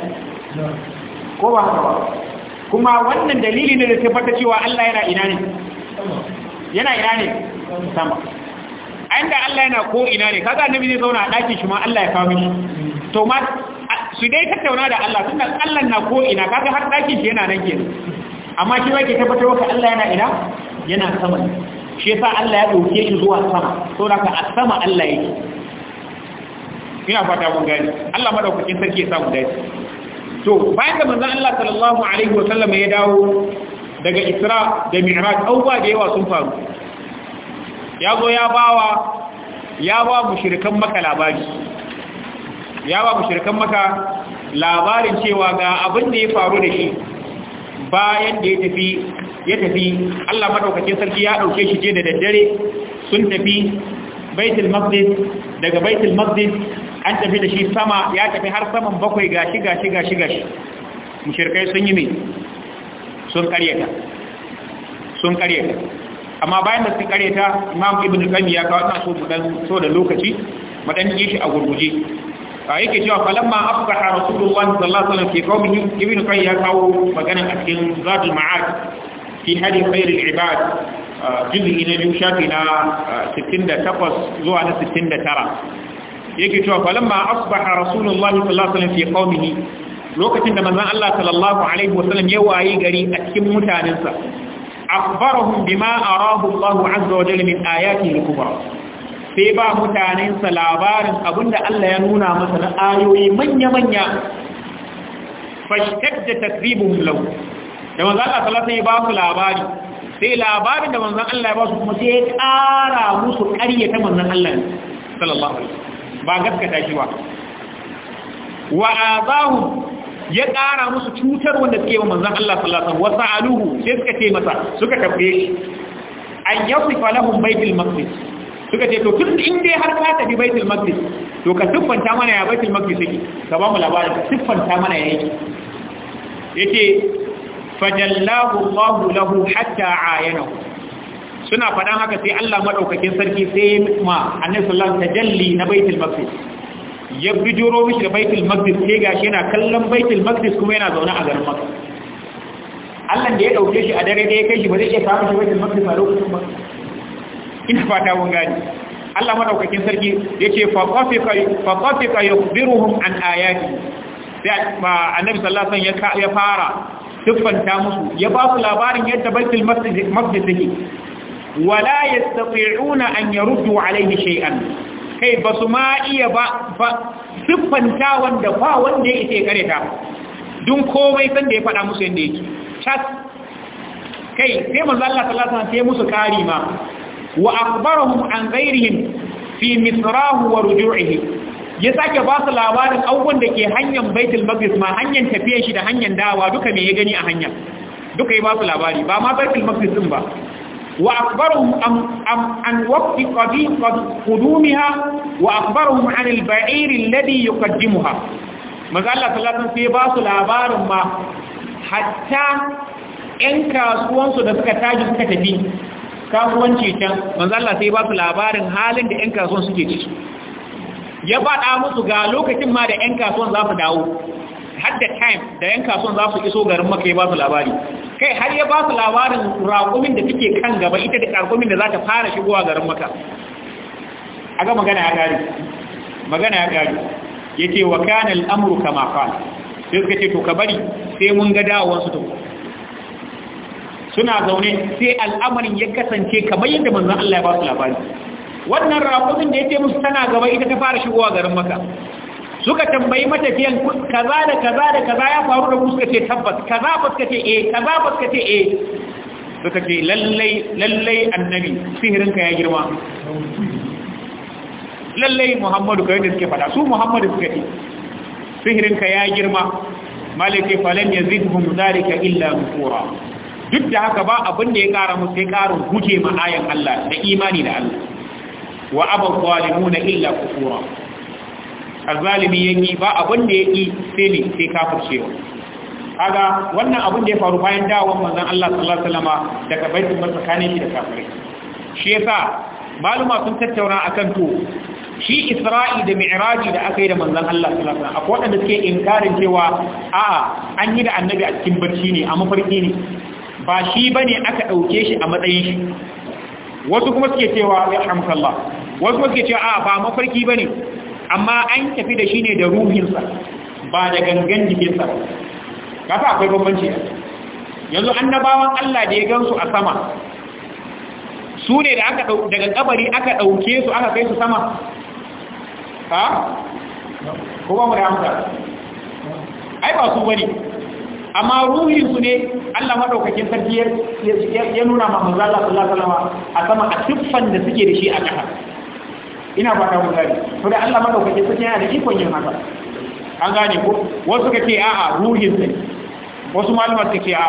A: ko ba haka ba kuma wannan dalili ne da ke fata cewa Allah yana ina ne yana ina ne sama a da Allah yana ko ina ne kaga annabi ne zauna a ɗakin shi ma Allah ya kawo mishi to ma su dai tattauna da Allah tunda Allah na ko ina kaga har ɗakin shi yana nan kenan amma shi ke tabbatar maka Allah yana ina yana sama shi yasa Allah ya dauke shi zuwa sama saboda a sama Allah yake ina fata mun gani Allah madaukakin sarki ya samu dace to bayan da manzon Allah sallallahu alaihi wasallam ya dawo daga Isra da Mi'raj abubuwa da yawa sun faru ya zo ya bawa ya ba mushrikan maka labari ya ba mushrikan maka labarin cewa ga abin da ya faru da shi bayan da ya tafi ya tafi Allah madaukakin sarki ya dauke shi je da daddare sun tafi baitul maqdis daga baitul maqdis an tafi da shi sama ya tafi har saman bakwai gashi gashi gashi gashi mushrikai sun yi me sun karyata sun kareta amma bayan da sun karyata imam ibnu qayyim ya kawo ta so dan so da lokaci madan dan yi shi a gurguje a yake cewa falamma afsaha rasulullah sallallahu alaihi wasallam fi qaumihi ibn kai ya kawo magana a cikin zadul ma'ad fi hadi khairul ibad juz'i na biyu shafi na 68 zuwa na 69 yake cewa falamma asbaha rasulullah sallallahu alaihi wasallam fi qaumihi lokacin da manzon Allah sallallahu alaihi wasallam ya wayi gari a cikin mutanensa akhbarahum bima arahu Allah azza wa jalla min ayatihi al-kubra sai ba mutanensa labarin abinda Allah ya nuna masa na ayoyi manya-manya fashtek da tasribin lau da manzan Allah salata ya ba su labari sai labarin da manzan Allah ya ba su kuma sai ya ƙara musu ƙarya ta manzan Allah sallallahu alaihi ba gaskata shi ba wa azahu ya ƙara musu cutar wanda suke wa manzan Allah sallallahu alaihi wasu aluhu sai suka ce masa suka tafiye shi an yasifa lahum baitul maqdis suka ce to tun in dai har ka tafi baitul maqdis to ka siffanta mana ya baitul maqdis yake ka ba mu labarin siffanta mana ya yake yace fajallahu Allah lahu hatta ayanahu suna faɗan haka sai Allah madaukakin sarki sai ma annabi sallallahu alaihi wasallam tajalli na baitul maqdis ya bijiro mishi da baitul maqdis sai gashi yana kallon baitul maqdis kuma yana zaune a garin makka Allah da ya dauke shi a dare da ya kai shi ba zai iya samu shi baitul maqdis a lokacin ba ina fata mun gani Allah madaukakin sarki yace fa qafika fa qafika yukhbiruhum an ayati sai annabi sallallahu alaihi wasallam ya fara tuffanta musu ya ba su labarin yadda baitul Masjid take wala yastati'una an yaruddu alaihi shay'an kai ba su ma iya ba siffanta wanda ba wanda ya ita ya kareta dun komai san da ya faɗa musu yadda yake cas kai sai manzo Allah sallallahu alaihi wasallam sai musu kari ma wa akhbarahum an ghairihim fi misrahu wa ruju'ihi ya sake ba su labarin abubuwan da ke hanyar baitul maqdis ma hanyar tafiyar shi da hanyar dawa duka me ya gani a hanya duka ya ba su labari ba ma baitul maqdis din ba wa akhbarahum am am an waqti qadi qudumiha wa akhbarahum an al-ba'ir alladhi yuqaddimuha maza Allah sallallahu alaihi wasallam sai ba su labarin ma hatta 'yan kasuwansu da suka taji suka tafi kasuwanci can manzo Allah sai ba su labarin halin da ƴan kasuwan suke ciki ya faɗa musu ga lokacin ma da ƴan kasuwan za su dawo har da time da ƴan kasuwan za su iso garin maka ya ba su labari kai har ya ba su labarin raƙumin da suke kan gaba ita da ƙarƙumin da za ta fara shigowa garin maka a ga magana ya gari magana ya gari ya ce wa amru kama qala sai suka ce to ka bari sai mun ga dawowarsu to suna zaune sai al'amarin ya kasance kamar yadda manzon Allah ya ba su labari wannan raƙumin da ya ce musu tana gaba ita ta fara shigowa garin maka suka tambayi matafiyan kaza da kaza da kaza ya faru da suka ce tabbas kaza ba suka ce eh kaza ba suka ce eh suka ce lallai lallai annabi sihirinka ya girma lallai muhammadu kawai da suke fada su muhammadu suka ce sihirinka ya girma malike falan yazidhum zalika illa nufura duk da haka ba abin da ya kara musu sai karin guje ma ayan Allah da imani da Allah wa abal zalimuna illa kufura azalimi yaki ba abin da yaki sai ne sai kafin cewa. kaga wannan abin da ya faru bayan dawon manzon Allah sallallahu alaihi wasallama daga baitul matsakanin shi da kafirai shi yasa maluma sun tattauna akan to shi isra'i da mi'raji da aka yi da manzan Allah sallallahu alaihi wasallam akwai wanda suke inkarin cewa a'a an yi da annabi a cikin barci ne a mafarki ne ba shi bane aka dauke shi a matsayin shi wasu kuma suke cewa ya hamsallah wasu kuma suke cewa a ba mafarki bane amma an tafi da shi ne da ruhinsa ba da gangan jikinsa kafa akwai bambanci yanzu annabawan Allah da ya gansu a sama su ne da aka daga kabari aka dauke su aka kai su sama ha ko ba mu da amsa ai ba su bane amma ruhin su ne Allah madaukakin sarki ya nuna ma manzo Allah sallallahu alaihi wasallam a sama a tuffan da suke da shi a ƙasa ina fata mun gani to da Allah madaukakin sarki yana da ikon yin haka an gane ko wasu ka ce a'a ruhin sa wasu malama suke a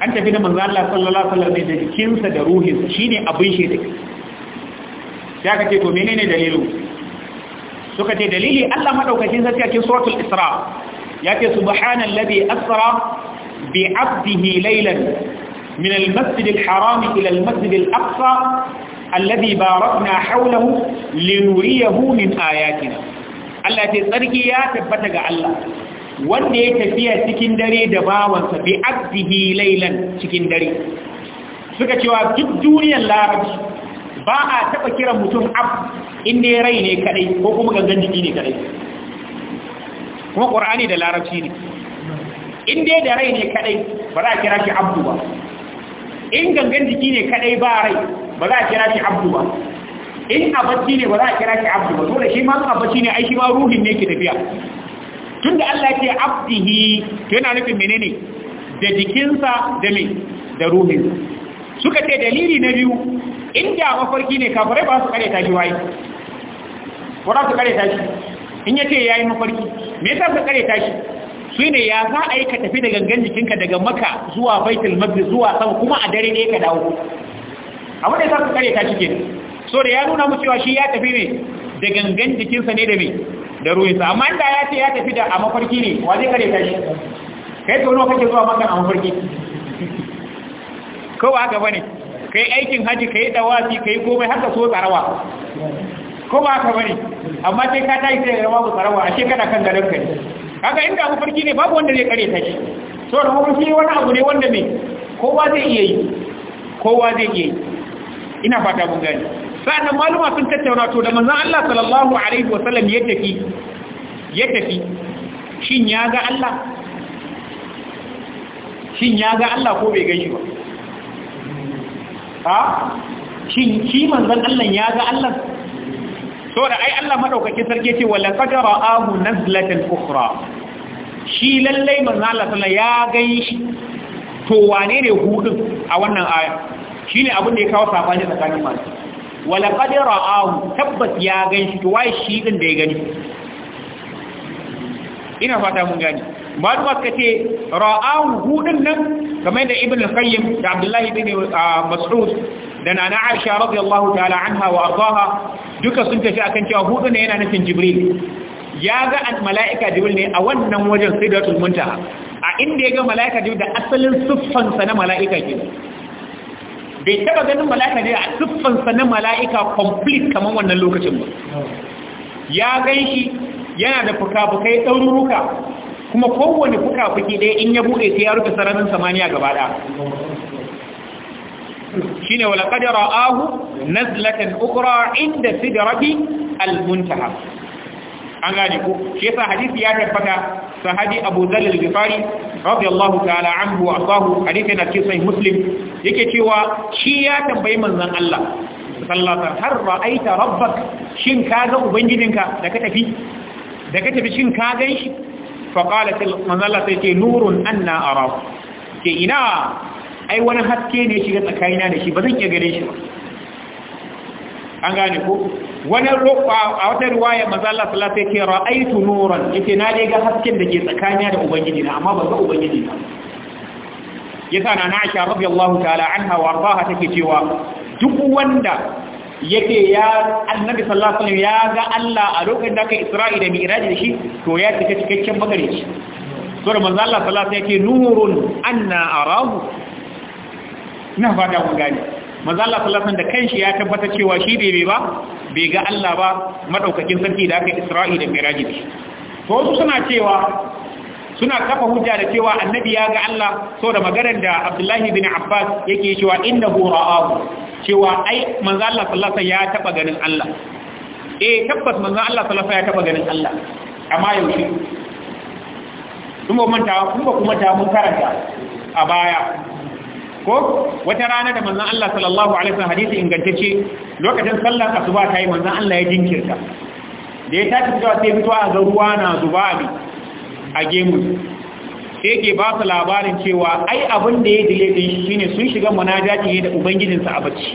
A: an tafi da manzo Allah sallallahu alaihi wasallam da sa da ruhinsa shine abin shi da Ya ka ce to menene dalilu suka ce dalili Allah madaukakin sarki a cikin suratul isra yake subhanan ladhi asra bi 'abdihi laylan min al-masjid haram ila al-masjid al-aqsa alladhi barakna hawlahu linuriyahu min ayatina Allah ce tsarki ya tabbata ga Allah wanda ya tafiya cikin dare da bawansa bi 'abdihi cikin dare suka cewa duk duniyar larabci ba a taɓa kiran mutum ab inda ya rai ne kadai ko kuma gangan jiki ne kadai kuma ƙur'ani da larabci ne in dai da rai ne kadai ba za a kira shi abdu ba in gangan jiki ne kadai ba rai ba za a kira shi abdu ba in abacci ne ba za a kira shi abdu ba to da shi ma abacci ne ai shi ma ruhin ne ke tafiya Tun da Allah ya ce abdihi to yana nufin menene da jikinsa da me da ruhin suka ce dalili na biyu inda mafarki ne kafirai ba su kare shi waye ba za su kare shi in yace yayi mafarki me yasa ka kare tashi shine ya za a yi ka tafi da gangan jikinka daga maka zuwa baitul maqdis zuwa sama kuma a dare ne ka dawo abin da ka kare tashi ke so da ya nuna mu cewa shi ya tafi ne da gangan jikinsa ne da me da sa amma inda ya ce ya tafi da a mafarki ne wa zai kare tashi kai to nawa kake zuwa makka a mafarki ko ba haka bane kai aikin haji kai dawafi kai komai haka so tsarawa ko ba ka bari amma sai ka yi sai ya babu tsarawa ashe kana kan gadon kai. Haka kaga in ka mafarki ne babu wanda zai kare ta shi so da mafarki wani abu ne wanda me kowa zai iya yi kowa zai iya yi ina fata mun gani sa'annan maluma sun tattauna to da manzon Allah sallallahu alaihi wa sallam ya tafi ya tafi shin ya ga Allah shin ya ga Allah ko bai gani ba ha shin shi manzon Allah ya ga Allah saboda ai Allah madaukake sarki ce wala qad ra'ahu nazlatan ukhra shi lallai manzo Allah sallallahu ya gai shi to wane ne hudin a wannan aya shine abin da ya kawo sabani tsakanin masu wala qad ra'ahu tabbas ya gai shi to wai shi din da ya gani ina fata mun gani malama suka ce ra'ahu hudin nan kamar da ibn al-qayyim da abdullahi ibn ah, mas'ud da nana aisha radiyallahu ta'ala anha wa ardaha duka sun tafi akan cewa hudu ne yana nufin jibril ya ga mala'ika jibril ne a wannan wajen sidratul muntaha a inda ya ga mala'ika jibril da asalin sa na mala'ika ke bai taba ganin mala'ika jibril a siffansa na mala'ika complete kamar wannan lokacin ba ya gan shi yana da fuka-fukai ɗaururuka kuma kowane fuka-fuki ɗaya in ya buɗe sai ya rufe sararin samaniya gaba ɗaya shine wala ahu ra'ahu nazlatan ukhra inda sidrati al-muntaha an gane ko shi yasa hadisi ya tabbata sahabi Abu Dhal al-Ghifari radiyallahu ta'ala anhu wa asahu hadisi na cikin sai Muslim yake cewa shi ya tambayi manzan Allah sallallahu har ra'aita rabbak shin ka ga ubangijinka da ka tafi da ka tafi shin ka gan shi fa qala manzon Allah sai ce nurun anna ara ke ina ai wani haske ne shiga tsakanina da shi ba zan iya gane shi ba an gane ko wani roƙa a wata riwaya maza Allah sallallahu alaihi wasallam ra'aitu nuran yace na dai ga hasken da ke tsakanina da ubangiji na amma ba ga ubangiji na yasa na Aisha radiyallahu ta'ala anha wa ardaha take cewa duk wanda yake ya annabi sallallahu alaihi wasallam ya ga Allah a lokacin da kai Isra'i da Mi'raj da shi to ya cika cikakken bagare shi sura manzo Allah sallallahu alaihi wasallam yake nurun anna arahu ina da kun gani manzo Allah sallallahu alaihi da kanshi ya tabbata cewa shi bai ba bai ga Allah ba madaukakin sarki da aka Isra'i da Mi'raji da to wasu suna cewa suna kafa hujja da cewa annabi ya ga Allah da maganar da Abdullahi bin Abbas yake cewa innahu ra'ahu cewa ai manzo Allah sallallahu alaihi ya taba ganin Allah eh tabbas manzo Allah sallallahu alaihi ya taba ganin Allah amma yaushe kuma manta kuma kuma ta mun karanta a baya ko wata rana da manzon Allah sallallahu alaihi wasallam hadisi ingantacce lokacin sallar asuba ta yi manzon Allah ya jinkirta da ya tafi zuwa sai fitowa a ruwa na zuba ne a gemu sai ke ba su labarin cewa ai abin da ya dile din shine sun shiga munajati ne da ubangijinsa a bacci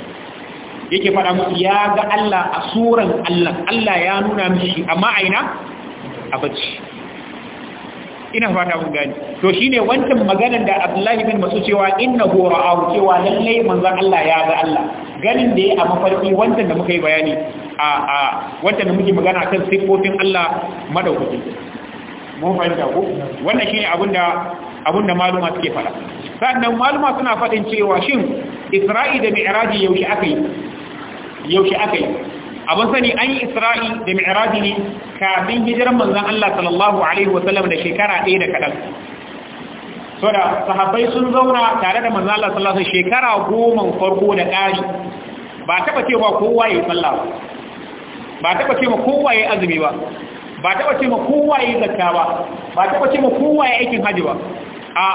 A: yake fara musu ya ga Allah a suran Allah Allah ya nuna mishi amma aina a bacci ina fata mun gani to shine wancan maganar da Abdullahi bin Mas'ud cewa innahu ra'ahu cewa lalle manzon Allah ya ga Allah ganin da ya a mafarki wancan da muka yi bayani a a wancan da muke magana kan sifofin Allah madaukaki mun fahimta ko wannan shine abinda abinda maluma suke fara sannan maluma suna fadin cewa shin Isra'i da Mi'raji yaushe akai yaushe akai abin sani an yi isra'i da mi'raji ne kafin hijiran manzon Allah sallallahu alaihi wasallam da shekara ɗaya da kaɗan saboda sahabbai sun zauna tare da manzon Allah sallallahu alaihi shekara goma farko da ƙari ba taɓa cewa kowa ya yi sallah ba ba taɓa cewa kowa ya yi azumi ba ba taɓa cewa kowa ya yi zakka ba ba taɓa cewa kowa ya yi aikin hajji ba a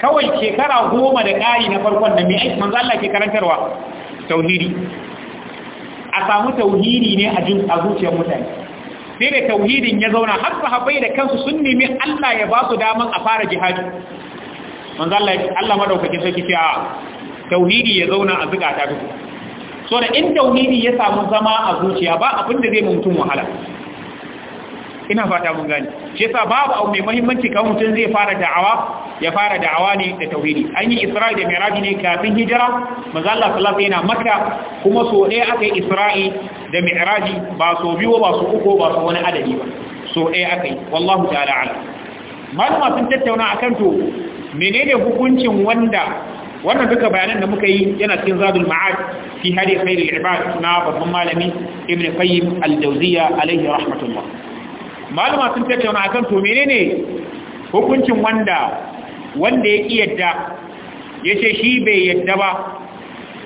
A: kawai shekara goma da ƙari na farkon da mai manzon Allah ke karantarwa tauhidi a samu tauhidi ne a zuciyar mutane sai da tauhidin ya zauna har sahabbai da kansu sun nemi Allah ya ba su daman a fara jihadi manzo Allah Allah madaukakin sarki ce a tauhidi ya zauna a ta duk so da in tauhidi ya samu zama a zuciya ba abinda zai mutum wahala ina fata mun gani shi babu abu mai mahimmanci kan mutum zai fara da'awa ya fara da'awa ne da tauhidi an yi isra'i da miraji ne kafin hijira manzo Allah yana makka kuma so ɗaya aka yi isra'i da miraji ba so biyu ba so uku ba so wani adadi ba so ɗaya aka yi wallahu ta'ala ala malama sun tattauna kan to menene hukuncin wanda wannan duka bayanan da muka yi yana cikin zadul ma'ad fi hadi khairul ibad na babban malami ibn qayyim al-jawziyya alayhi rahmatullah malama sun tattauna akan to menene hukuncin wanda wanda ya yadda ya ce shi bai yadda ba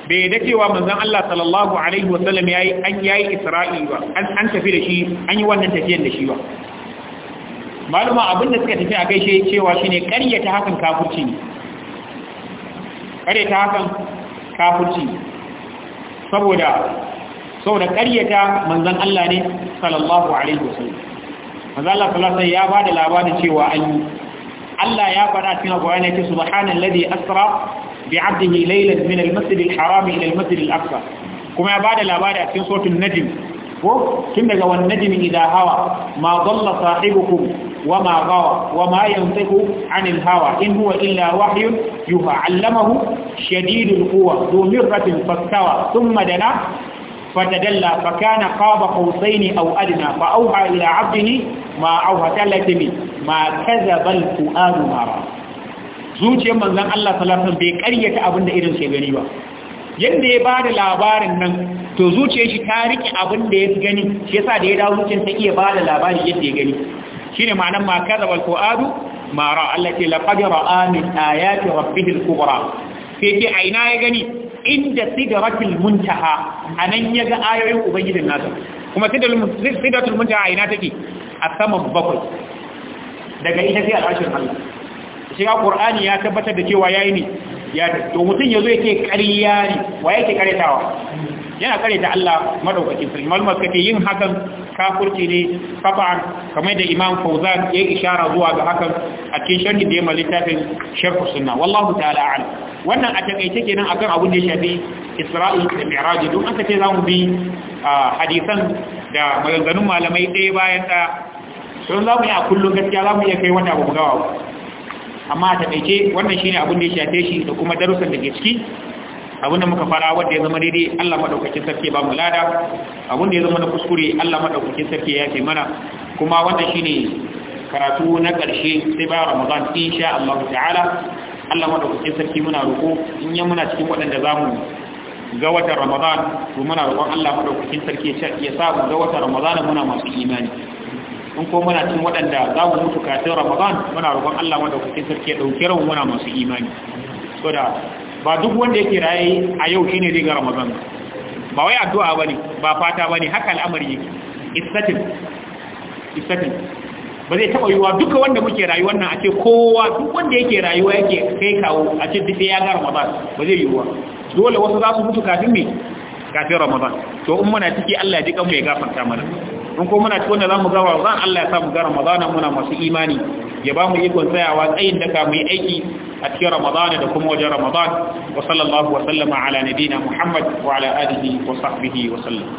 A: bai yadda cewa manzon Allah sallallahu alaihi wasallam yayi an yayi isra'i ba an tafi da shi an yi wannan tafiyan da shi ba malama abin da suka tafi a kai shi cewa shine ta hakan kafirci ne ta hakan kafirci saboda saboda ƙaryata manzon Allah ne sallallahu alaihi wasallam manzo Allah sallallahu ya bada labari cewa an Allah ya fara cikin Qur'ani yake subhanalladhi asra bi 'abdihi laylan min al-masjid al-haram ila al-masjid al-aqsa kuma ya bada labari a cikin suratul najm ko tun daga wan najm idha hawa ma dhalla sahibukum wa ma gawa wa ma yantiqu 'anil hawa in huwa illa wahyun yuha 'allamahu shadidul quwwa dhu mirratin fastawa thumma dana فتدلى فكان قاب قوسين أو أدنى فأوحى إلى عبده ما أوحى تلتمي ما كذب الفؤاد ما رأى zuciyar manzan Allah salafin bai karyata abinda irin sai gani ba yadda ya bada labarin nan to zuciyar shi ta rike da ya gani shi yasa da ya dawo zuciyar ta iya bada labarin yadda ya gani shine ma'anar ma kazabal fuadu ma ra Allah ce laqad ra'a min ayati rabbih al-kubra sai ce aina ya gani inda sidratul muntaha anan yaga ayoyin ubangijin nasa kuma sidratul muntaha ina take a sama bakwai daga ita sai al'ashin Allah shi ga qur'ani ya tabbatar da cewa yayi ne ya to mutun yazo yake ƙarya ne wa yake karetawa yana kareta Allah madaukakin sarki malama kace yin hakan ka kafirci ne kafa'an kamar da Imam Fauzan ya ishara zuwa ga hakan a cikin sharhi da ya mallitafin Sharh Sunna wallahu ta'ala a'lam wannan a takaice kenan akan abin da ya shafi Isra'il da mi'raji don aka ce za mu bi hadisan da maganganun malamai ɗaya bayan ɗaya don za mu yi a kullum gaskiya za mu iya kai wata abu gawa amma a takaice wannan shine abin da ya shafe shi da kuma darussan da ke ciki abin da muka fara wanda ya zama daidai Allah madaukakin sarki ba mu lada abin da ya zama na kuskure Allah madaukakin sarki ya ce mana kuma wannan shine karatu na ƙarshe sai bayan Ramadan insha Allah ta'ala Allah madaukakin sarki muna roƙo in ya muna cikin waɗanda za mu ga watan Ramadan to muna roƙon Allah madaukakin sarki ya sa mu ga watan Ramadan muna masu imani in ko muna cikin waɗanda za mu mutu kafin Ramadan muna roƙon Allah madaukakin sarki ya ɗauki ran muna masu imani so da ba duk wanda yake raye a yau shine zai ga Ramadan ba wai addu'a bane ba fata bane haka al'amari yake istatin istatin ba zai taɓa yiwuwa duka wanda muke rayuwa nan a ce kowa duk wanda yake rayuwa yake kai kawo a ce duk ya ga ramadan ba zai yiwuwa dole wasu za su mutu kafin me kafin ramadan to in muna ciki Allah ya ji kanmu ya gafarta mana in ko muna cikin da zamu ga ramadan Allah ya sa mu ga ramadan muna masu imani ya ba mu ikon tsayawa tsayin daga mu yi aiki a cikin ramadan da kuma wajen ramadan wa sallallahu wa sallama ala nabina muhammad wa ala alihi
B: wa sahbihi wa sallam